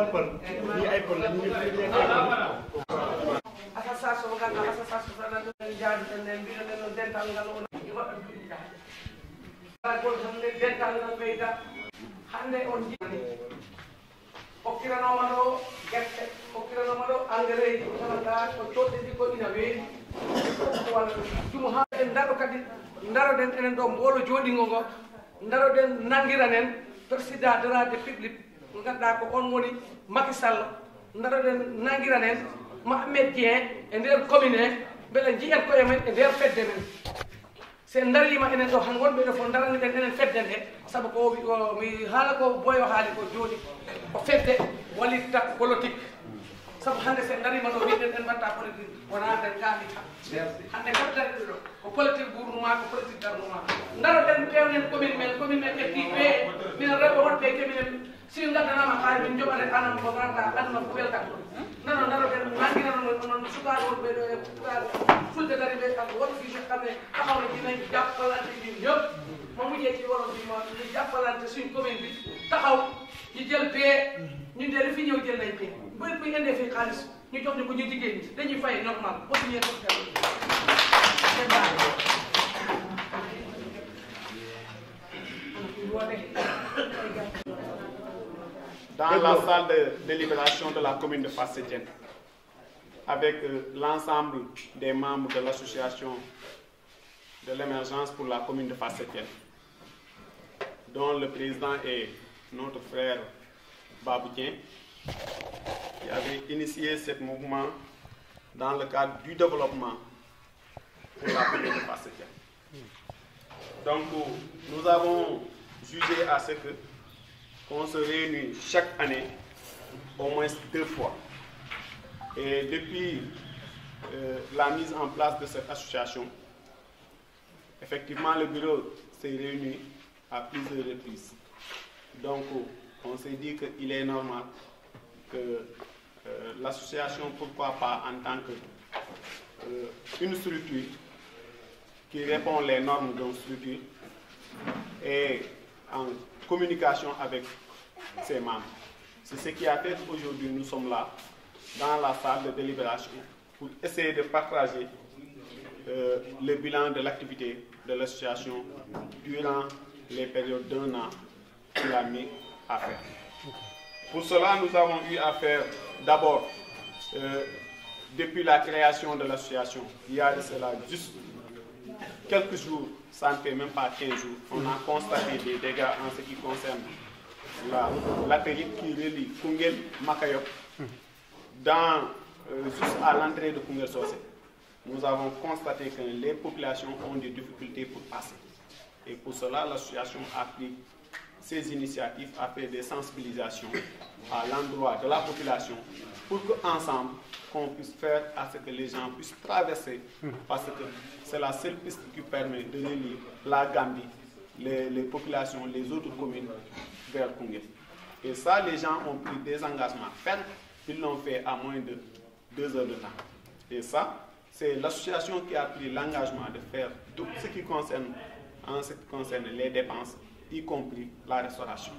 waxal kon lii ay kon la ñu ngi fi nekk ay kon. association ganga association sana ɗumen jaaduɗene mbiɗoɗen no dental ngal on waɗan ɗum jaade ala goto tan nde dental ngal ɓeyda hannde on jiani hokkiranoma ɗo guerte hokkiranoma ɗo engrais ji tananga ko coɗɗe ɗi ko ina weeni walla ɗum ha en daro kadi daroɗen enen ɗo mboolo jooɗingo ngo daroɗen nangiran en toxida darade piɓliɓ ganduɗa ko on woni maky sall daroɗen nanguiranen mahamed dien e nder commune e beele jiihen koye men e nder fedde men se darima enen ɗo han wonɓe ɗo fof darani ɗen enen fedde nde saabu ko mi haala ko boyo haali ko joni ko fedde wallitta politique saabu hannde sen darima ɗo wiɗen en mbatta politique wona nden kamita hannde kam dari ari min joɓata anan ko vraiment aduna ko weltat ɗum nano naro ɓen nanguinano gon noon sukaaɓon ɓeɗo e sukaaɓe fulde dari ɓe kam won fi kam ne akawno dinayi jappalante ɗin yëpp ma mujjee ci wolof bi ma ñu jàppalante suñ commune bi taxaw ñu jël pee ñu dellu fi ñëw jël nañ pee bu bu ñu indee fii xaalis ñu jox ñu ko ñu jigéen ñi dañuy fay normal aussi ñu ko def c'est dans la salle de délibération de la commune de Fass-Sétienne avec euh, l'ensemble des membres de l'association de l'émergence pour la commune de Fass-Sétienne dont le président est notre frère Baboudien qui avait initié ce mouvement dans le cadre du développement pour la commune de Fass-Sétienne. Donc nous avons jugé à ce que on se réunit chaque année au moins deux fois. Et depuis euh, la mise en place de cette association, effectivement, le bureau s'est réuni à plusieurs reprises. Donc, on s'est dit qu'il est normal que euh, l'association, pourquoi pas en tant que euh, une structure qui répond les normes d'une structure et en communication avec ses membres. C'est ce qui a fait qu'aujourd'hui nous sommes là, dans la salle de délibération, pour essayer de partager euh, le bilan de l'activité de l'association durant les périodes d'un an qu'il a mis à faire. Pour cela, nous avons eu à d'abord, euh, depuis la création de l'association, il y a de cela juste quelques jours, ça ne fait même pas 15 jours, on a constaté des dégâts en ce qui concerne la latérite qui relie Kungel Makayop dans euh, à l'entrée de Kungel Sosé. Nous avons constaté que les populations ont de difficultés pour passer. Et pour cela, l'association a pris ses initiatives, a fait des sensibilisations à l'endroit de la population pour qu'ensemble, qu'on puisse faire à ce que les gens puissent traverser, parce que c'est la seule piste qui permet de relier la Gambie, les, les populations, les autres communes vers Kungé. Et ça, les gens ont pris des engagements fermes, ils l'ont fait à moins de deux heures de temps. Et ça, c'est l'association qui a pris l'engagement de faire tout ce qui concerne, en ce qui concerne les dépenses, y compris la restauration.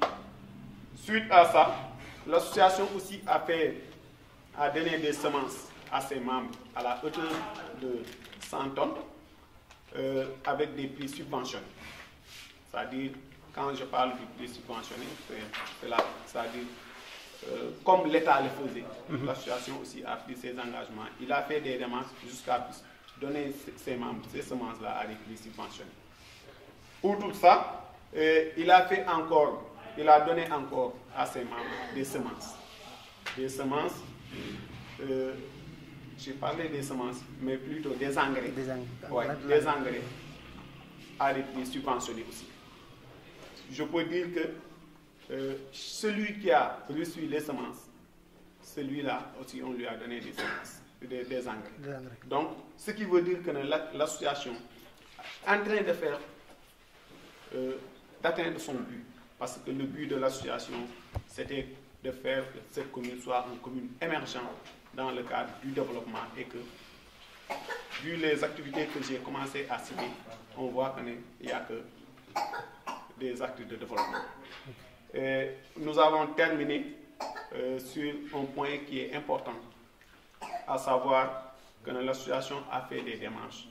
Suite à ça, l'association aussi a fait à donner des semences à ses membres à la hauteur de 100 tonnes euh, avec des prix subventionnés. cest à je parle du prix subventionné, c'est là, c'est-à-dire euh, comme l'État le faisait, mm -hmm. l'association aussi a pris ses engagements. Il a fait des démarches jusqu'à donner ses membres, ces semences-là à des prix subventionnés. Pour tout ça, euh, il a fait encore, il a donné encore à ses membres des semences. Des semences euh, j'ai parlé des semences, mais plutôt des engrais. Des engrais. Ouais, des engrais à des prix subventionnés aussi. Je peux dire que euh, celui qui a reçu les semences, celui-là aussi, on lui a donné des des, des, engrais. Donc, ce qui veut dire que l'association est en train de faire, euh, d'atteindre son but. Parce que le but de l'association, c'était de faire que cette commune soit une commune émergente dans le cadre du développement et que, vu les activités que j'ai commencé à citer, on voit que des actes de développement. Et nous avons terminé euh, sur un point qui est important, à savoir que l'association a fait des démarches,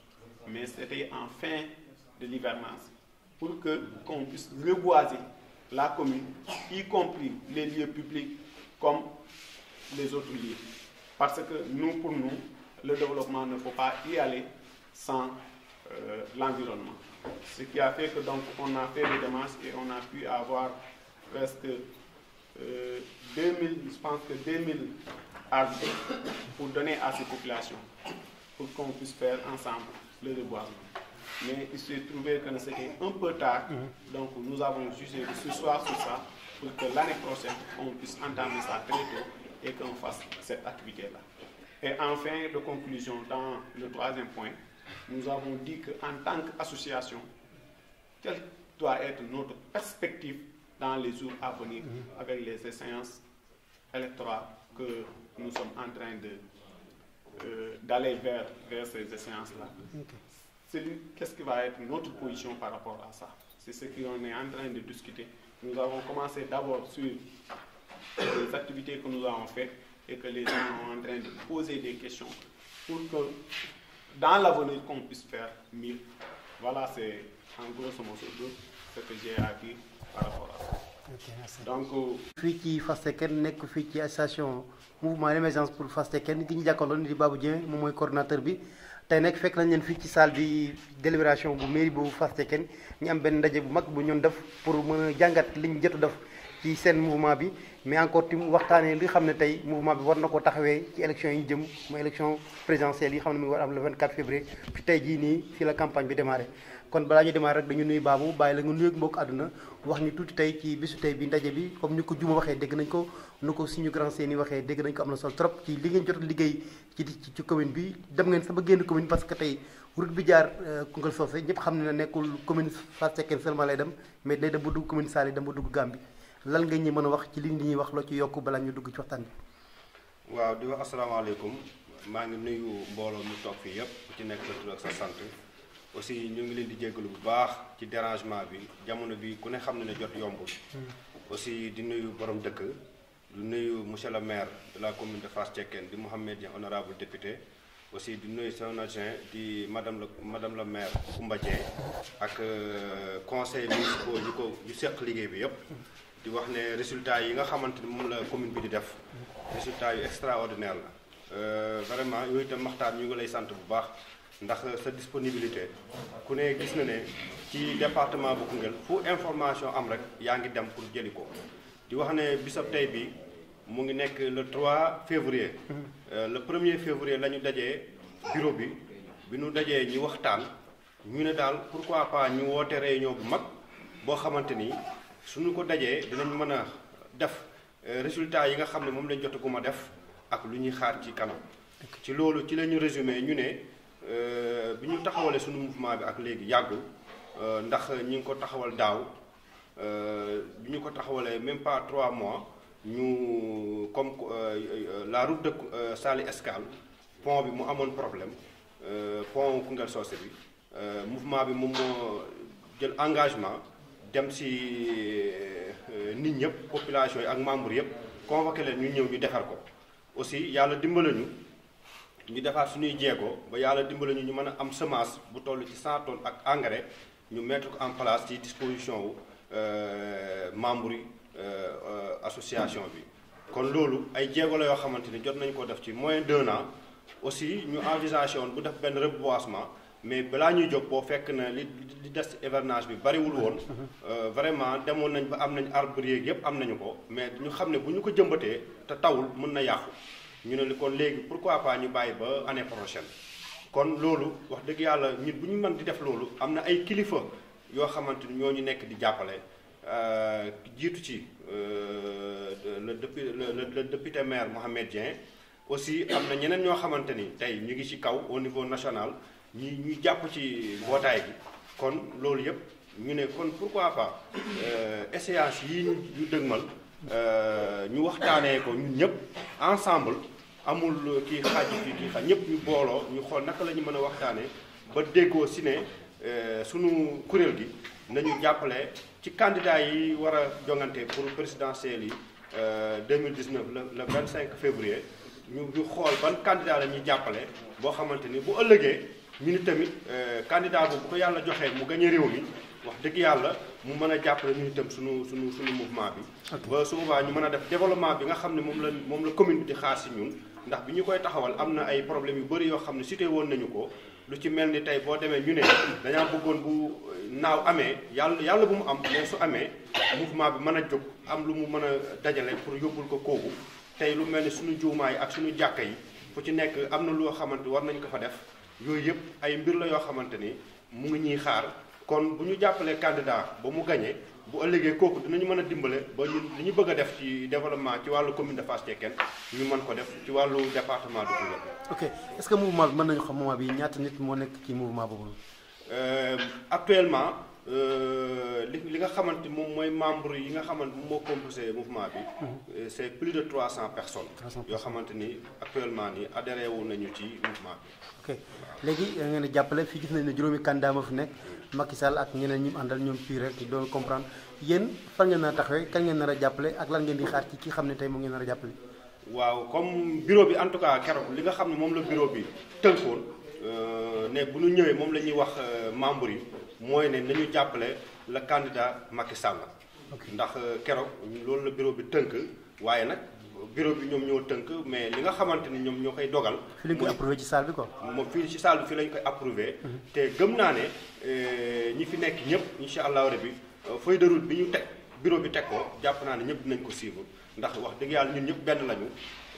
mais c'était en fin de l'hivernage, pour qu'on puisse reboiser la commune, y compris les lieux publics comme les autres lieux. Parce que nous, pour nous, le développement ne faut pas y aller sans euh, l'environnement. Ce qui a fait que donc on a fait des démarches et on a pu avoir presque euh, 2000, je pense que 2000 arbres pour donner à ces populations pour qu'on puisse faire ensemble le reboisement. mais il s'est trouvé que c'était un peu tard. Mhm. Donc nous avons jugé ce soir sur ça pour que l'année prochaine, on puisse entamer ça très tôt et qu'on fasse cette activité-là. Et enfin, de conclusion, dans le troisième point, nous avons dit en tant qu'association, quelle doit être notre perspective dans les jours à venir mhm. avec les séances électorales que nous sommes en train de euh, d'aller vers, vers ces séances-là. celui, qu'est-ce qui va être notre position par rapport à ça C'est ce qu'on est en train de discuter. Nous avons commencé d'abord sur les activités que nous avons faites et que les gens sont en train de poser des questions pour que dans l'avenir qu'on puisse faire mieux. Voilà, c'est en grosso modo ce que j'ai à par rapport à ça. donc euh, fii ci Fasteken nekk fii ci association mouvement d'émergence pour Fasteken ki ñu jàkkaarloo ni di Babou Dieng moom mooy coordinateur bi tey nag fekk nañ leen fii ci saal di délibération bu mairie bu Fass Cekkeen ñu am benn ndaje bu mag bu ñoon def pour mën a jàngat liñ jotu def ci seen mouvement bi mais encore tim waxtaanee li xam ne tey mouvement bi war na ko taxawee ci élection yi jëm mu élection présidentielle yi xam ne mu war am le 24 février fi tey jii nii fii la campagne bi démarré kon balaa ñu démarré rek dañu nuyu baabu bàyyi la nga nuyu mbokk àdduna wax ni tuuti tey ci bisu tey bi ndaje bi comme ni ko juma waxee dégg nañ ko nu ko suñu grand seen yi waxee dégg nañ ko am na solo trop ci li ngeen jot liggéey ci ci commune bi dem ngeen sama génn commune parce que tey route bi jaar euh, xam ne nekkul commune Fass dem mais day dem ba dugg commune Saly lan nga ñu mën a wax ci li ñuy wax loo ci yokk bala ñu dugg ci waxtaan bi. waaw di wax asalaamaaleykum maa ngi nuyu mbooloo mu toog fii yëpp ku ci nekk sa tur ak sa sant aussi ñu ngi leen di jégalu bu baax ci dérangement bi jamono bi ku ne xam na ne jot yombul. Hmm. aussi di nuyu borom dëkk. du nuyu monsieur le maire de la commune de Fass Cekkeen di Mouhamed Dieng honorable député aussi di nuyu son adjoint di madame la madame la maire Koumba Dieng ak euh, conseil municipal seq liggéey bi yëpp di wax ne résultat yi nga xamante ni moom la commune bi di def résultat yu extraordinaire la euh, vraiment yooyu itam maxtaan ñu ngi lay sant bu baax ndax sa disponibilité ku ne gis na ne ci département bu Koungheul fu information am rek yaa ngi dem pour jëli ko di wax ne bisab tey bi mu ngi nekk le trois février euh, le premier février la dajee bureau bi bi nu dajee ñu waxtaan ñu ne daal pourquoi pas ñu woote réunion bu mag boo xamante ni suñu ko dajee dinañ mën a def euh, résultat yi nga xam ne moom lañ jot guma def ak lu ñuy xaar ci kanam ci loolu ci la ñu résumé ñu ne euh, bi ñu taxawalee suñu mouvement bi ak léegi yàggul euh, ndax ñu ngi ko taxawal daaw bi ñu ko taxawalee même pas trois mois ñu comme la route de Saly Escale pont bi mu amoon problème pont Koungheul Socé bi mouvement bi moom moo jël engagement dem si euh, euh, nit ñëpp population yi ak membres yëpp convoqué ñu ñëw ñu defar ko aussi yàlla dimbale ñu ñu defaat suñuy jéego ba yàlla dimbale ñu ñu mën a am semence bu toll ci 100 ak engrais ñu mettre ko en place ci disposition wu euh, membres yi association bi. kon loolu ay jéego la yoo xamante ni jot nañu ko def ci moyen d'un an aussi ñu envisagé woon bu def benn reboisement. mais balaa ñuy jóg boo fekk na li li des ci hivernage bi bariwul woon. Euh, vraiment demoon nañ ba am nañu arbre yeeg yëpp am nañu ko mais ñu xam ne bu ñu ko jëmbatee te tawul mën na yàqu ñu ne kon léegi pour quoi pas ñu bàyyi ba année prochaine. kon loolu wax dëgg yàlla ñun bu ñu mën di def loolu am na ay kilifa yoo xamante ni ñoo ñu nekk di jàppale euh, jiitu ci euh, le député le député maire Mohamed Dieng. aussi am na ñeneen ñoo xamante ni tey ñu ngi ci kaw au niveau national. ñu ñuy jàpp ci mbootaay bi kon loolu yëpp ñu ne kon pourquoi pas euh, échéance yi ñu ñu dëgmal euh, ñu waxtaanee ko ñun ñëpp ensemble amul kii xaaji fii kii xaaj ñëpp ñu booloo ñu xool naka la ñu mën a waxtaanee ba déggoo si ne euh, sunu kuréel gi nañu jàppale ci candidat yi war a jongante pour présidentielle yi 2019 le le 25 février ñu ñu xool ban candidat la ñuy jàppale boo xamante ni bu ëllëgee. ñu ni tamit euh, candidat boobu ko yàlla joxee mu gañe réew mi wax dëgg yàlla mu mën a jàppale ñu itam suñu suñu suñu mouvement bi ba su ñu mën a def développement bi nga xam ne moom la moom la commune bi xaar si ñun ndax bi ñu koy taxawal am na ay problèmes yu bëri yoo xam ne cité woon nañu ko lu ci mel ni tey boo demee ñu ne dañaa bëggoon bu naaw amee yàlla yàlla bu mu am mais su amee mouvement bi mën a jóg am lu mu mën a dajale pour yóbbul ko koobu tey lu mel ni suñu juumaa ak suñu jàkka yi fu ci nekk am na loo xamante war nañ ko fa def yooyu yëpp ay mbir la yoo xamante ni mu ngi ñuy xaar kon bu ñu jàppalee candidat ba mu gañee bu ëllëgee kooku dinañu mën a dimbale ba ñu li ñu bëgg a def ci développement ci wàllu commune de Fass Cekkeen ñu mën ko def ci wàllu département de Koungheul. ok est-ce que mouvement bi mën nañu xam moment bi ñaata nit moo nekk ci mouvement boobu. Euh, actuellement. Euh, li li nga xamante moom mooy membre yi nga xamante moom moo composé mouvement bi. Euh, c' est plus de trois cent personnes. yoo xamante ni actuellement ni adhéré wu nañu ci mouvement bi. ok léegi da ngeen a jàppale fii gis nañ ne juróomi candidat ma fi nekk. Macky Sall ak ñeneen ñi mu àndal ñoom fii rek doon comprendre yéen fan ngeen nar a taxawee kan ngeen nar jàppale ak lan ngeen di xaar ci ki xam ne tey moom ngeen nar a jàppale. waaw comme bureau bi en tout cas keroog li nga xam ne moom la bureau bi tënkoon euh, ne bu ñu ñëwee moom la ñuy wax membre yi. mooy ne na nañu jàppale le candidat Macky Sall. ndax euh, keroog loolu la bureau bi tënk waaye nag bureau bi ñoom ñoo tënk mais li nga xamante ni ñoom ñoo koy dogal. fii lañ koy approuvé ci salle bi quoi. moom fii ci salle bi fii lañ koy approuvé. Mhm. te gëm naa ne euh, ñi fi nekk ñëpp incha allahu rabi euh, feuille de route bi ñu teg bureau bi teg ko jàpp naa ne ñëpp dinañ ko suivre ndax wax dëgg yàlla ñun ñëpp benn lañu.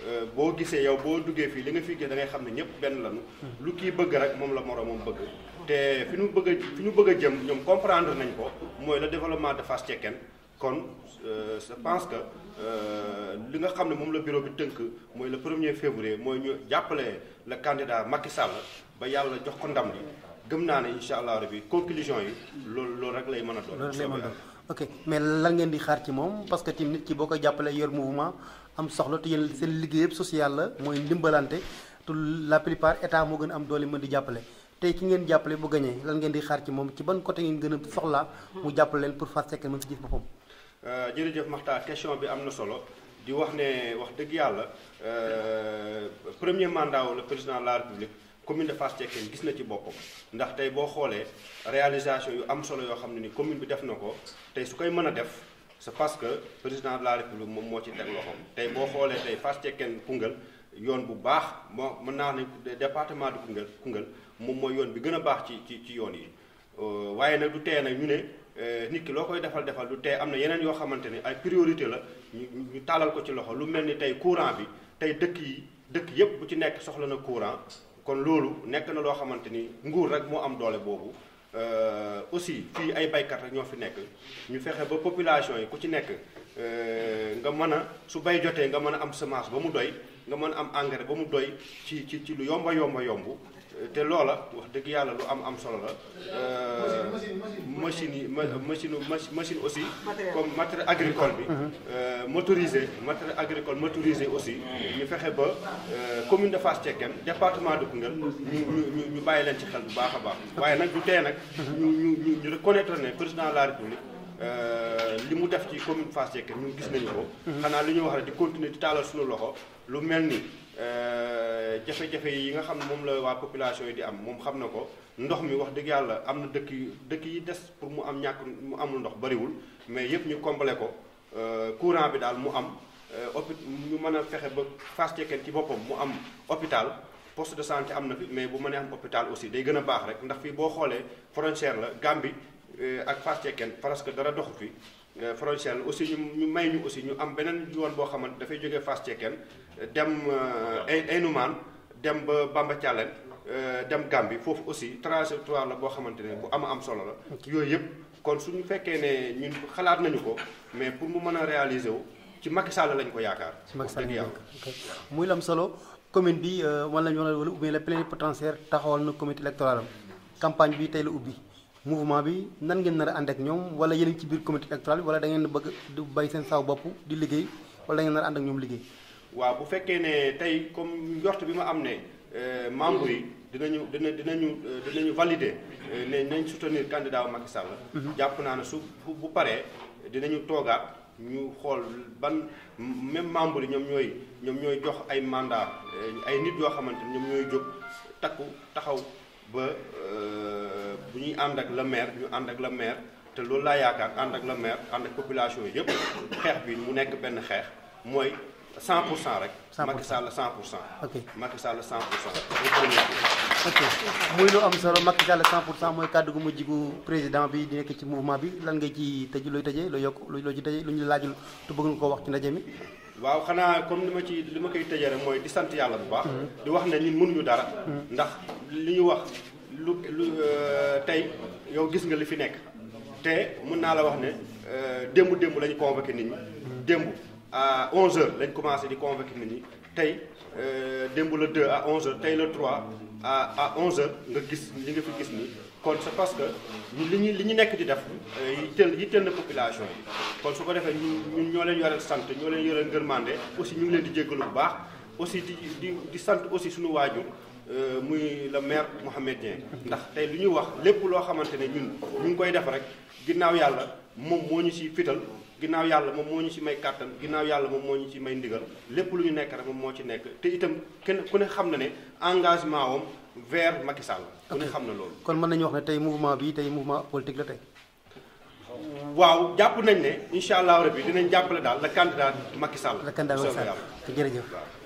Euh, boo gisee yow boo duggee fii li nga fi gis da ngay xam ne ñëpp benn lañu. Hmm. lu kii bëgg rek moom la moroomam bëgg. te fi ñu bëgg fi ñu bëgg a jëm ñoom comprendre nañ ko mooy la développement de Fass Cekkeen kon euh, je pense que euh, li nga xam ne moom la bureau bi tënk mooy le première février mooy ñu jàppale le candidat Macky Sall ba yàlla jox ko ndam li gëm naa ne incha allah rabi conclusion yi loolu loolu rek lay mën a doon. ok mais lan ngeen di xaar ci moom parce que tim nit boo ko jàppale yor mouvement. am soxla te seen liggéey yëpp social la mooy ndimbalante tu la plupart état moo gën a am doole mën di jàppale tey ci ngeen jàppale bu gañee lan ngeen di xaar ci moom ci ban côté ngeen gën a soxlaa mu jàppale leen pour Fass Cekkeen mën si gis boppam euh, jërëjëf Makhtar question bi am na solo di wax ne wax dëgg yàlla euh, premier mandat wu le président la République commune de Fass Cekkeen gis na ci boppam ndax tey boo xoolee réalisation yu am solo yoo xam ne ni commune bi def na ko tey su koy mën a def c'est parce que président de la république moom moo ci teg loxoom tey boo xoolee tey Fass Cekkeen Koungheul yoon bu baax moo mën naa ne département de Koungheul Koungheul moom mooy yoon bi gën a baax ci ci ci yoon yi euh, waaye nag du tee nag ñu ne euh, nit ki loo koy defal defal du tee am na yeneen yoo xamante ne ay priorité la ñu ñu tàllal ko ci loxo lu mel ni tey courant bi tey dëkk yi dëkk yépp bu ci nekk soxla na courant kon loolu nekk na loo xamante ni nguur rek moo am doole boobu Euh, aussi fii ay baykat rek ñoo fi nekk ñu fexe ba population yi ku ci nekk euh, nga mën a su bay jotee nga mën a am semence ba mu doy nga mën a am engrais ba mu doy ci ci ci lu yomba yomba yomb te loola wax dëgg yàlla lu am am solo la. machine yi machine machine aussi. comme matériel agricole bi. Mhm. Euh, motorisé matériel agricole motorisé aussi. ñu fexe ba euh, commune de Fass Cekkeen département de Koungheul ñu ñu ñu bàyyi leen ci xel bu baax a baax. waaye nag du tee nag. ñu ñu ñu reconnaître ne président de la république. Euh, li mu def ci commune Fass Cekkeen ñun gis nañu ko. Mhm. xanaa li ñu wax rek di continuer di taalal suñu loxo lu mel nii. Euh, jafe-jafe yi nga xam ne moom la waa population yi di am moom xam na ko ndox mi wax dëgg yàlla am na dëkk yu dëkk yi des pour mu am ñàkk mu amul ndox bariwul mais yëpp ñu combler ko euh, courant bi daal mu am euh, hôpi ñu mën a fexe ba Fass ci boppam mu am hôpital poste de santé am na fi mais bu mënee am hôpital aussi day gën a baax rek ndax fii boo xoolee frontière la Gambie ak Fass Cekkeen parce que dara doxu fi frontière la aussi ñu may ñu aussi ñu am beneen yoon boo xamante dafay jógee Fass Cekkeen dem euh, Aynoumane dem ba Bamba Thialène euh, dem bi foofu aussi trajectoire la boo xamante ne bu am am solo la yooyu yëpp kon ñu fekkee ne ñun xalaat nañu ko mais pour mu mën a réaliser wu ci Macky Sall lañ ko yaakaar dëgg yàlla muy lam solo commune bi euh, wala ñu wala ou bien le plénipotentiaire taxawal na comité électoral am campagne bi tey la ubbi mouvement bi nan ngeen nar a ànd ak ñoom wala yéen ci biir comité électoral bi wala da ngeen bëgg du bay seen saw bopp di liggéey wala da ngeen nar ak ñoom liggéey waaw bu fekkee ne tey comme njort bi ma am ne euh, membre yi dinañu dina dinañu euh, dinañu valider euh, ne nañ soutenir candidat Macky Sall mhm. jàpp naa ne su bu paree dinañu toogaat ñu xool ban même membre yi ñoom ñooy ñoom ñooy jox ay mandat ay nit yoo xamante ñoom ñooy jóg takku taxaw ba bu ñuy ànd ak le maire ñu ànd ak le maire te loolu laa yaakaar ànd ak le maire ànd ak population yëpp xeex bi mu nekk benn xeex mooy cent pour cent rek. cent pour cent Macky Sall cent pour cent. ok Macky Sall cent pour muy lu am solo Macky Sall cent pour cent mooy kàddu gu mujj gu président bi di nekk ci mouvement bi lan nga ci tëj looy tëjee looy yokk loo ci tëjee lu ñu laajul te bëgg nga ko wax ci ndaje mi. waaw xanaa comme li ma ci li ma koy tëjee rek mooy di sant yàlla bu baax. Mm-hmm. di wax ne ñun mënuñu dara. Mm-hmm. ndax li ñu wax lu euh, tey yow gis nga li fi nekk. te mën naa la wax ne euh, démb démb la ñu convoqué nit ñi mm-hmm. démb. à 11 heures lañ commencé di convaincre nit ñi tey euh, démb le 2 à 11 heures tey le trois à à 11 heures nga gis li nga fi gis nii kon c'est parce que ñu li ñu li ñu nekk di def euh, yitteel yitteel na population yi kon su ko defee ñun ñoo leen yoreel sant ñoo leen yoreel ngërmande aussi ñu ngi leen di jéggalu bu baax aussi di di di sant aussi suñu waajur euh, muy le maire Mouhamed Dieng ndax tey li ñuy wax lépp loo xamante ne ñun ñu ngi koy def rek ginnaaw yàlla moom moo ñu si fital ginnaaw yàlla moom moo ñu ci may kàttan ginnaaw yàlla moom moo ñu ci may ndigal lépp lu ñu nekk rek moo ci nekk te itam kenn ku ne xam na ne engagement wam ver Macky Sall ku ne xam na loolu. kon mën nañu wax ne tey mouvement bi tey mouvement politique la tey. waaw jàpp nañ ne incha allah rabi dinañ jàppale daal le candidat Macky Sall. le candidat Macky Sall jërëjëf.